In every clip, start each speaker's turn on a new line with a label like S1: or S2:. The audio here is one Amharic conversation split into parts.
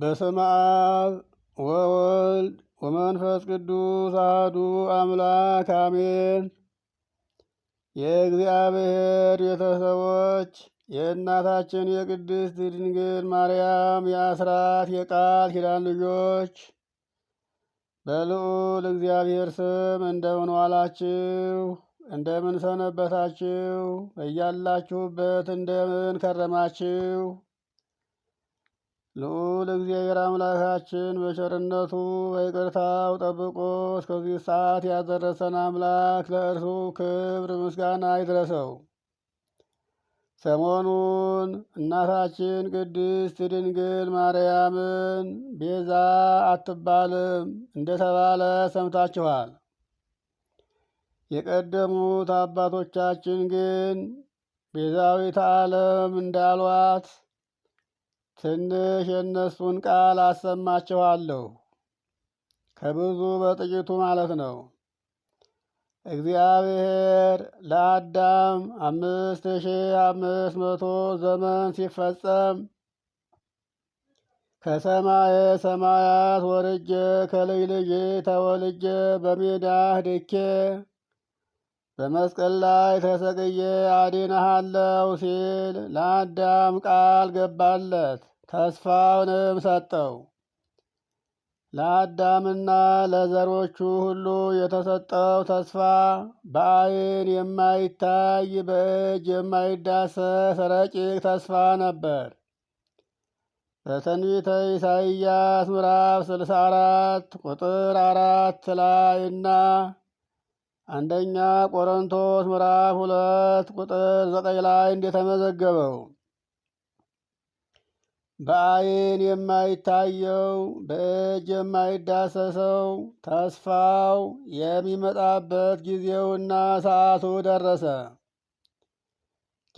S1: በስመ አብ ወወልድ ወመንፈስ ቅዱስ አህዱ አምላክ አሜን። የእግዚአብሔር ቤተሰቦች የእናታችን የቅድስት ድንግል ማርያም የአስራት የቃል ኪዳን ልጆች በልዑል እግዚአብሔር ስም እንደምን ዋላችሁ? እንደምን ሰነበታችሁ? እያላችሁበት እንደምን ከረማችሁ? ልዑል እግዚአብሔር አምላካችን በቸርነቱ በይቅርታው ጠብቆ እስከዚህ ሰዓት ያደረሰን አምላክ ለእርሱ ክብር ምስጋና ይድረሰው። ሰሞኑን እናታችን ቅድስት ድንግል ማርያምን ቤዛ አትባልም እንደተባለ ሰምታችኋል። የቀደሙት አባቶቻችን ግን ቤዛዊት ዓለም እንዳሏት ትንሽ የእነሱን ቃል አሰማችኋለሁ፣ ከብዙ በጥቂቱ ማለት ነው። እግዚአብሔር ለአዳም አምስት ሺህ አምስት መቶ ዘመን ሲፈጸም ከሰማየ ሰማያት ወርጄ ከልጅ ልጅ ተወልጄ በሜዳህ ድኬ በመስቀል ላይ ተሰቅዬ አድንሃለው ሲል ለአዳም ቃል ገባለት። ተስፋውንም ሰጠው። ለአዳምና ለዘሮቹ ሁሉ የተሰጠው ተስፋ በዓይን የማይታይ በእጅ የማይዳሰስ ረቂቅ ተስፋ ነበር። በትንቢተ ኢሳይያስ ምዕራፍ 64 ቁጥር አራት ላይ እና አንደኛ ቆሮንቶስ ምዕራፍ ሁለት ቁጥር ዘጠኝ ላይ እንደተመዘገበው በአይን የማይታየው በእጅ የማይዳሰሰው ተስፋው የሚመጣበት ጊዜውና ሰዓቱ ደረሰ።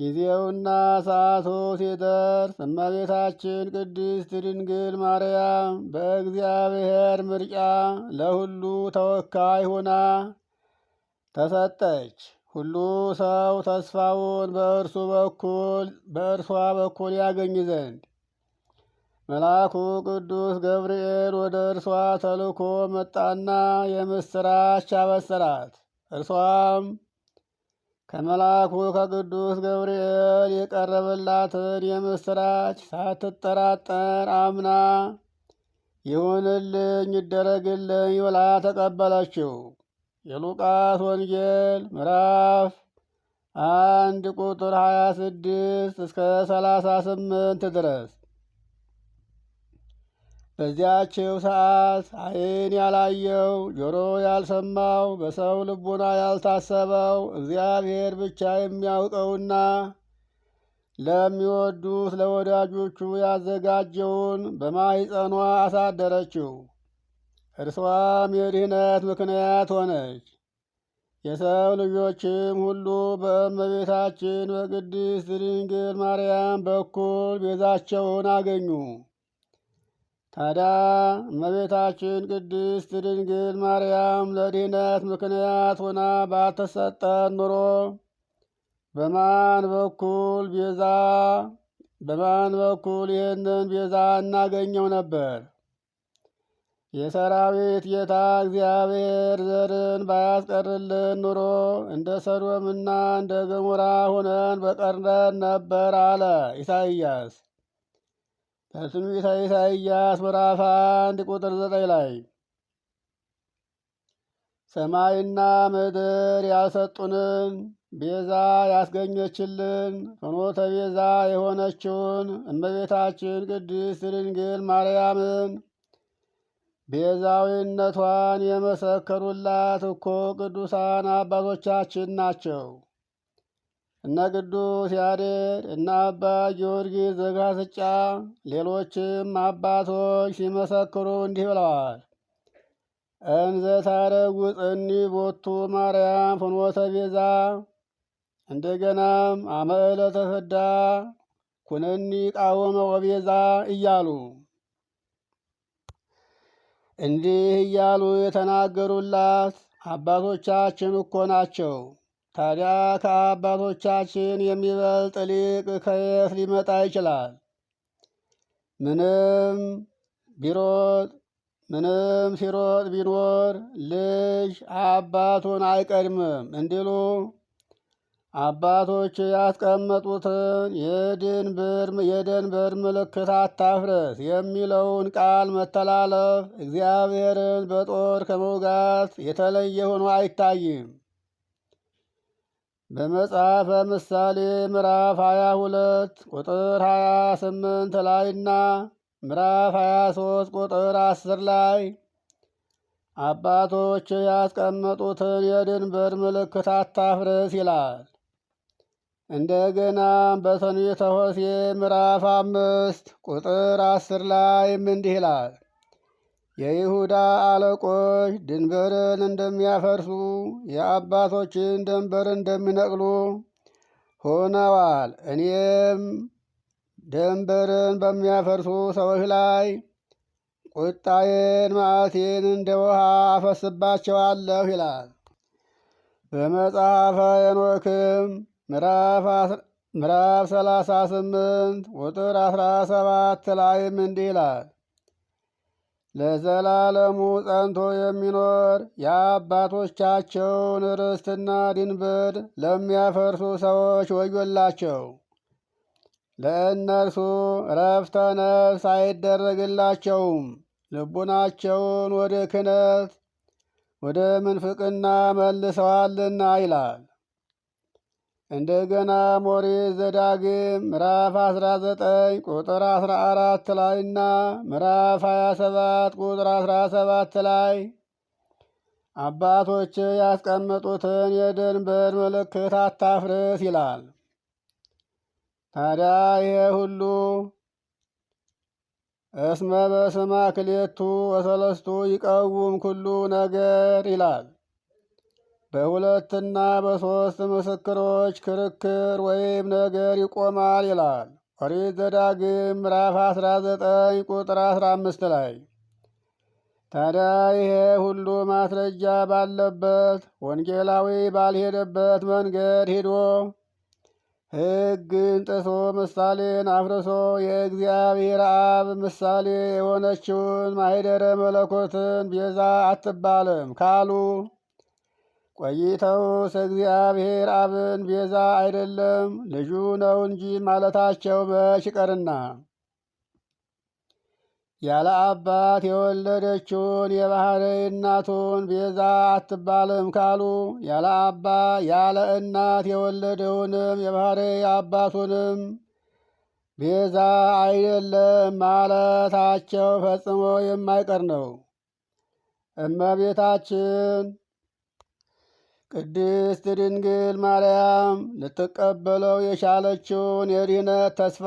S1: ጊዜውና ሰዓቱ ሲደርስ እመቤታችን ቅድስት ድንግል ማርያም በእግዚአብሔር ምርጫ ለሁሉ ተወካይ ሆና ተሰጠች። ሁሉ ሰው ተስፋውን በእርሱ በኩል በእርሷ በኩል ያገኝ ዘንድ መልአኩ ቅዱስ ገብርኤል ወደ እርሷ ተልኮ መጣና የምስራች አበሰራት። እርሷም ከመልአኩ ከቅዱስ ገብርኤል የቀረበላትን የምስራች ሳትጠራጠር አምና ይሁንልኝ ይደረግልኝ ብላ ተቀበለችው። የሉቃስ ወንጌል ምዕራፍ አንድ ቁጥር 26 እስከ 38 ድረስ በዚያችው ሰዓት ዓይን ያላየው ጆሮ ያልሰማው በሰው ልቡና ያልታሰበው እግዚአብሔር ብቻ የሚያውቀውና ለሚወዱት ለወዳጆቹ ያዘጋጀውን በማኅፀኗ አሳደረችው። እርሷም የድህነት ምክንያት ሆነች። የሰው ልጆችም ሁሉ በእመቤታችን በቅድስት ድንግል ማርያም በኩል ቤዛቸውን አገኙ። ታዲያ እመቤታችን ቅድስት ድንግል ማርያም ለድህነት ምክንያት ሆና ባተሰጠን ኑሮ በማን በኩል ቤዛ በማን በኩል ይህንን ቤዛ እናገኘው ነበር? የሰራዊት ጌታ እግዚአብሔር ዘርን ባያስቀርልን ኑሮ እንደ ሰዶምና እንደ ገሞራ ሆነን በቀርነን ነበር አለ ኢሳይያስ በትንቢተ ኢሳይያስ ምዕራፍ አንድ ቁጥር ዘጠኝ ላይ ሰማይና ምድር ያልሰጡንን ቤዛ ያስገኘችልን ፍኖተ ቤዛ የሆነችውን እመቤታችን ቅድስት ድንግል ማርያምን ቤዛዊነቷን የመሰከሩላት እኮ ቅዱሳን አባቶቻችን ናቸው። እነ ቅዱስ ያሬድ እና አባ ጊዮርጊስ ዘጋስጫ ሌሎችም አባቶች ሲመሰክሩ እንዲህ ብለዋል። እንዘ ታረጉ ጽኒ ቦቱ ማርያም ፍኖተ ቤዛ እንደገናም አመለ ተፈዳ ኩነኒ ቃወመ ወቤዛ እያሉ እንዲህ እያሉ የተናገሩላት አባቶቻችን እኮ ናቸው። ታዲያ ከአባቶቻችን የሚበልጥ ሊቅ ከየት ሊመጣ ይችላል? ምንም ቢሮጥ ምንም ሲሮጥ ቢኖር ልጅ አባቱን አይቀድምም እንዲሉ አባቶች ያስቀመጡትን የድንበር ምልክት አታፍረስ የሚለውን ቃል መተላለፍ እግዚአብሔርን በጦር ከመውጋት የተለየ ሆኖ አይታይም። በመጽሐፈ ምሳሌ ምዕራፍ 22 ቁጥር 28 ላይና ምዕራፍ 23 ቁጥር 10 ላይ አባቶች ያስቀመጡትን የድንበር ምልክት አታፍርስ ይላል። እንደገና በትንቢተ ሆሴዕ ምዕራፍ አምስት ቁጥር አስር ላይም እንዲህ ይላል የይሁዳ አለቆች ድንበርን እንደሚያፈርሱ የአባቶችን ድንበር እንደሚነቅሉ ሆነዋል። እኔም ድንበርን በሚያፈርሱ ሰዎች ላይ ቁጣዬን ማዕቴን እንደ ውሃ አፈስባቸዋለሁ ይላል። በመጽሐፈ ሄኖክም ምዕራፍ 38 ቁጥር 17 ላይም እንዲህ ይላል። ለዘላለሙ ጸንቶ የሚኖር የአባቶቻቸውን ርስትና ድንበር ለሚያፈርሱ ሰዎች ወዮላቸው። ለእነርሱ ረፍተ ነፍስ አይደረግላቸውም። ልቡናቸውን ወደ ክነት ወደ ምንፍቅና መልሰዋልና ይላል። እንደገና ሞሬ ዘዳግም ምዕራፍ 19 ቁጥር 14 ላይና ምዕራፍ 27 ቁጥር 17 ላይ አባቶች ያስቀመጡትን የድንበር ምልክት አታፍርስ ይላል። ታዲያ ይሄ ሁሉ እስመ በስማ ክሌቱ ወሰለስቱ ይቀውም ኩሉ ነገር ይላል። በሁለትና በሦስት ምስክሮች ክርክር ወይም ነገር ይቆማል ይላል ኦሪት ዘዳግም ምዕራፍ 19 ቁጥር 15 ላይ። ታዲያ ይሄ ሁሉ ማስረጃ ባለበት ወንጌላዊ ባልሄደበት መንገድ ሂዶ ሕግን ጥሶ ምሳሌን አፍርሶ የእግዚአብሔር አብ ምሳሌ የሆነችውን ማኅደረ መለኮትን ቤዛ አትባልም ካሉ ቆይተውስ እግዚአብሔር አብን ቤዛ አይደለም ልጁ ነው እንጂ ማለታቸው መች ይቀርና ያለ አባት የወለደችውን የባሕርይ እናቱን ቤዛ አትባልም ካሉ ያለ አባ ያለ እናት የወለደውንም የባሕርይ አባቱንም ቤዛ አይደለም ማለታቸው ፈጽሞ የማይቀር ነው። እመቤታችን ቅድስት ድንግል ማርያም ልትቀበለው የቻለችውን የድህነት ተስፋ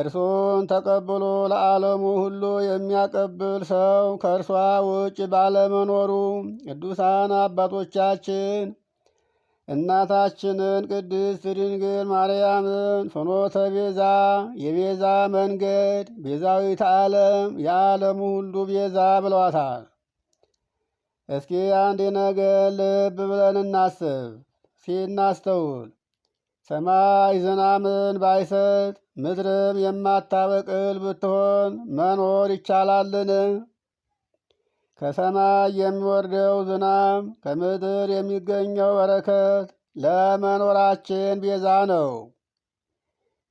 S1: እርሱን ተቀብሎ ለዓለሙ ሁሉ የሚያቀብል ሰው ከእርሷ ውጭ ባለመኖሩ ቅዱሳን አባቶቻችን እናታችንን ቅድስት ድንግል ማርያምን ፍኖተ ቤዛ የቤዛ መንገድ ቤዛዊት ዓለም የዓለሙ ሁሉ ቤዛ ብለዋታል። እስኪ አንድ ነገር ልብ ብለን እናስብ፣ እስኪ እናስተውል። ሰማይ ዝናምን ባይሰጥ ምድርም የማታበቅል ብትሆን መኖር ይቻላልን? ከሰማይ የሚወርደው ዝናም ከምድር የሚገኘው በረከት ለመኖራችን ቤዛ ነው።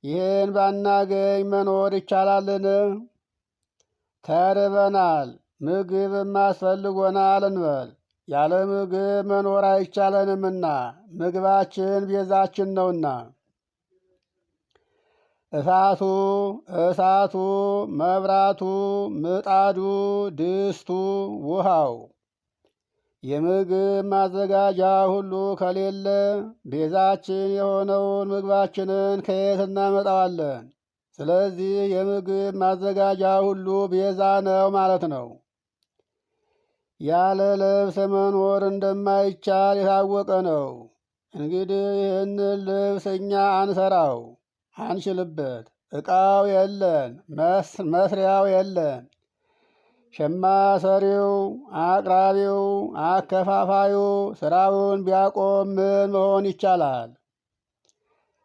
S1: ይህን ባናገኝ መኖር ይቻላልን? ተርበናል። ምግብም አስፈልጎናል እንበል። ያለ ምግብ መኖር አይቻለንምና ምግባችን ቤዛችን ነውና። እሳቱ እሳቱ መብራቱ ምጣዱ ድስቱ ውሃው የምግብ ማዘጋጃ ሁሉ ከሌለ ቤዛችን የሆነውን ምግባችንን ከየት እናመጣዋለን? ስለዚህ የምግብ ማዘጋጃ ሁሉ ቤዛ ነው ማለት ነው። ያለ ልብስ መኖር እንደማይቻል የታወቀ ነው። እንግዲህ ይህን ልብስ እኛ አንሰራው፣ አንችልበት። ዕቃው የለን፣ መስሪያው የለን። ሸማ ሰሪው፣ አቅራቢው፣ አከፋፋዩ ስራውን ቢያቆም ምን መሆን ይቻላል?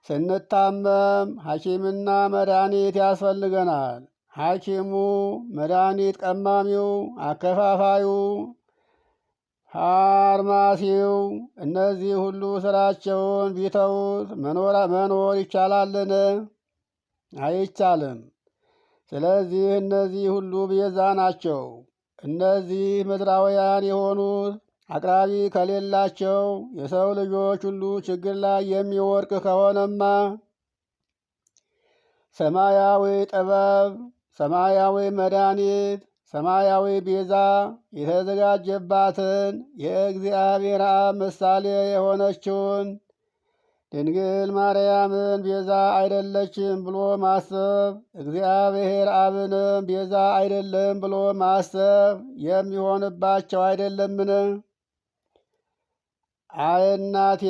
S1: ስንታመም ሐኪምና መድኃኒት ያስፈልገናል። ሐኪሙ፣ መድኃኒት ቀማሚው፣ አከፋፋዩ፣ ፋርማሲው እነዚህ ሁሉ ስራቸውን ቢተውት መኖር ይቻላልን? አይቻልም። ስለዚህ እነዚህ ሁሉ ቤዛ ናቸው። እነዚህ ምድራውያን የሆኑት አቅራቢ ከሌላቸው የሰው ልጆች ሁሉ ችግር ላይ የሚወድቅ ከሆነማ ሰማያዊ ጥበብ ሰማያዊ መድኃኒት ሰማያዊ ቤዛ የተዘጋጀባትን የእግዚአብሔር አብ ምሳሌ የሆነችውን ድንግል ማርያምን ቤዛ አይደለችም ብሎ ማሰብ እግዚአብሔር አብንም ቤዛ አይደለም ብሎ ማሰብ የሚሆንባቸው አይደለምን? አይ እናቴ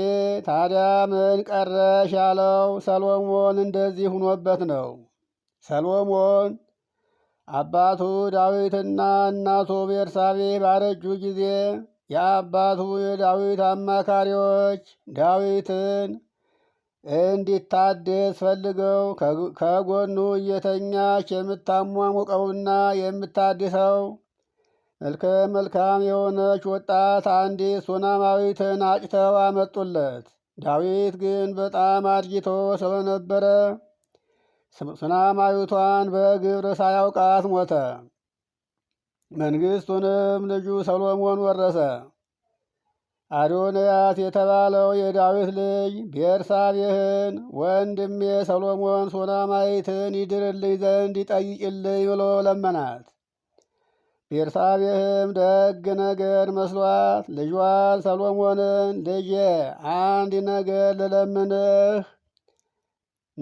S1: ታዲያ ምን ቀረሽ ያለው ሰሎሞን እንደዚህ ሁኖበት ነው። ሰሎሞን አባቱ ዳዊትና እናቱ ቤርሳቤ ባረጁ ጊዜ የአባቱ የዳዊት አማካሪዎች ዳዊትን እንዲታደስ ፈልገው ከጎኑ እየተኛች የምታሟሙቀውና የምታድሰው መልከ መልካም የሆነች ወጣት አንዲት ሱናማዊትን አጭተው አመጡለት። ዳዊት ግን በጣም አድጊቶ ስለነበረ ሱናማዊቷን በግብር ሳያውቃት ሞተ። መንግስቱንም ልጁ ሰሎሞን ወረሰ። አዶንያስ የተባለው የዳዊት ልጅ ቤርሳቤህን ወንድሜ ሰሎሞን ሱናማይትን ይድርልኝ ዘንድ ይጠይቅልኝ ብሎ ለመናት። ቤርሳቤህም ደግ ነገር መስሏት ልጇን ሰሎሞንን ልጄ አንድ ነገር ልለምንህ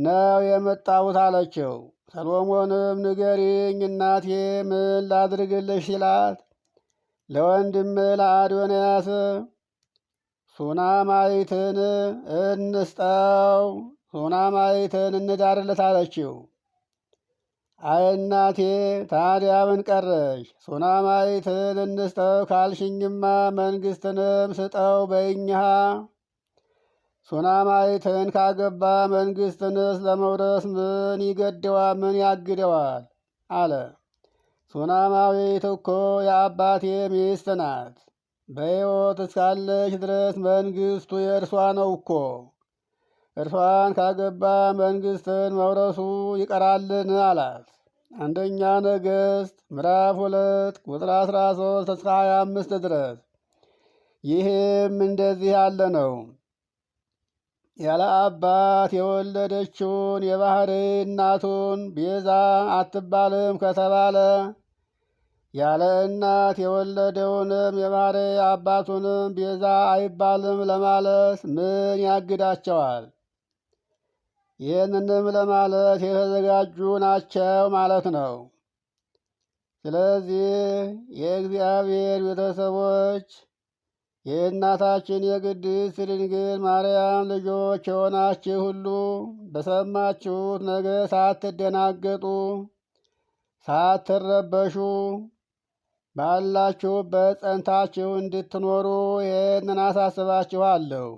S1: ነው የመጣሁት አለችው። ሰሎሞንም ንገሪኝ እናቴ ምን ላድርግልሽ ሲላት ለወንድም ለአዶንያስ ሱናማይትን እንስጠው ሱናማይትን እንዳርለት አለችው። አይ እናቴ ታዲያ ምን ቀረሽ? ሱናማይትን እንስጠው ካልሽኝማ መንግስትንም ስጠው በይኝሃ ሱናማይትን ካገባ መንግስትንስ ለመውረስ ምን ይገደዋል? ምን ያግደዋል? አለ። ሱናማዊት እኮ የአባቴ ሚስት ናት። በሕይወት እስካለች ድረስ መንግስቱ የእርሷ ነው እኮ። እርሷን ካገባ መንግስትን መውረሱ ይቀራልን? አላት። አንደኛ ነገሥት ምዕራፍ ሁለት ቁጥር አስራ ሶስት እስከ ሀያ አምስት ድረስ ይህም እንደዚህ ያለ ነው። ያለ አባት የወለደችውን የባሕርይ እናቱን ቤዛ አትባልም ከተባለ ያለ እናት የወለደውንም የባህር አባቱንም ቤዛ አይባልም ለማለት ምን ያግዳቸዋል? ይህንንም ለማለት የተዘጋጁ ናቸው ማለት ነው። ስለዚህ የእግዚአብሔር ቤተሰቦች የእናታችን የቅድስት ድንግል ማርያም ልጆች የሆናችሁ ሁሉ በሰማችሁት ነገር ሳትደናገጡ ሳትረበሹ ባላችሁበት ጸንታችሁ እንድትኖሩ ይህንን አሳስባችኋለሁ።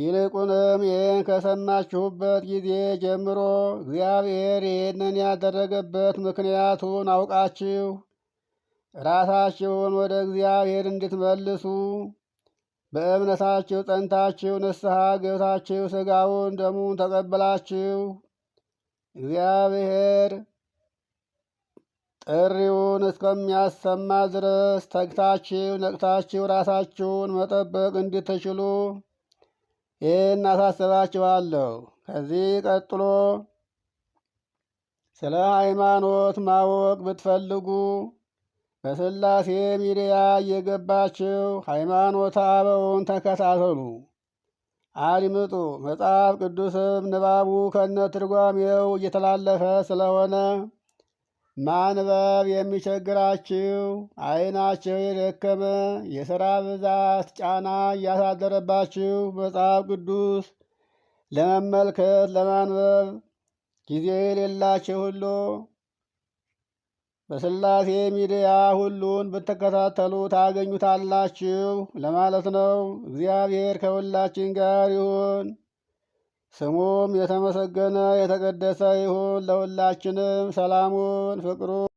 S1: ይልቁንም ይህን ከሰማችሁበት ጊዜ ጀምሮ እግዚአብሔር ይህንን ያደረገበት ምክንያቱን አውቃችሁ ራሳችሁን ወደ እግዚአብሔር እንድትመልሱ በእምነታችሁ ጸንታችሁ ንስሐ ገብታችሁ ሥጋውን ደሙን ተቀበላችሁ እግዚአብሔር ጥሪውን እስከሚያሰማ ድረስ ተግታችሁ ነቅታችሁ ራሳችሁን መጠበቅ እንድትችሉ ይህን አሳስባችኋለሁ። ከዚህ ቀጥሎ ስለ ሃይማኖት ማወቅ ብትፈልጉ በስላሴ ሚዲያ እየገባችው ሃይማኖተ አበውን ተከታተሉ አድምጡ። መጽሐፍ ቅዱስም ንባቡ ከነ ትርጓሜው እየተላለፈ ስለሆነ ማንበብ የሚቸግራችው ዓይናቸው የደከመ የሥራ ብዛት ጫና እያሳደረባችሁ መጽሐፍ ቅዱስ ለመመልከት ለማንበብ ጊዜ የሌላቸው ሁሉ በስላሴ ሚዲያ ሁሉን ብትከታተሉ ታገኙታላችሁ ለማለት ነው። እግዚአብሔር ከሁላችን ጋር ይሁን። ስሙም የተመሰገነ የተቀደሰ ይሁን። ለሁላችንም ሰላሙን ፍቅሩ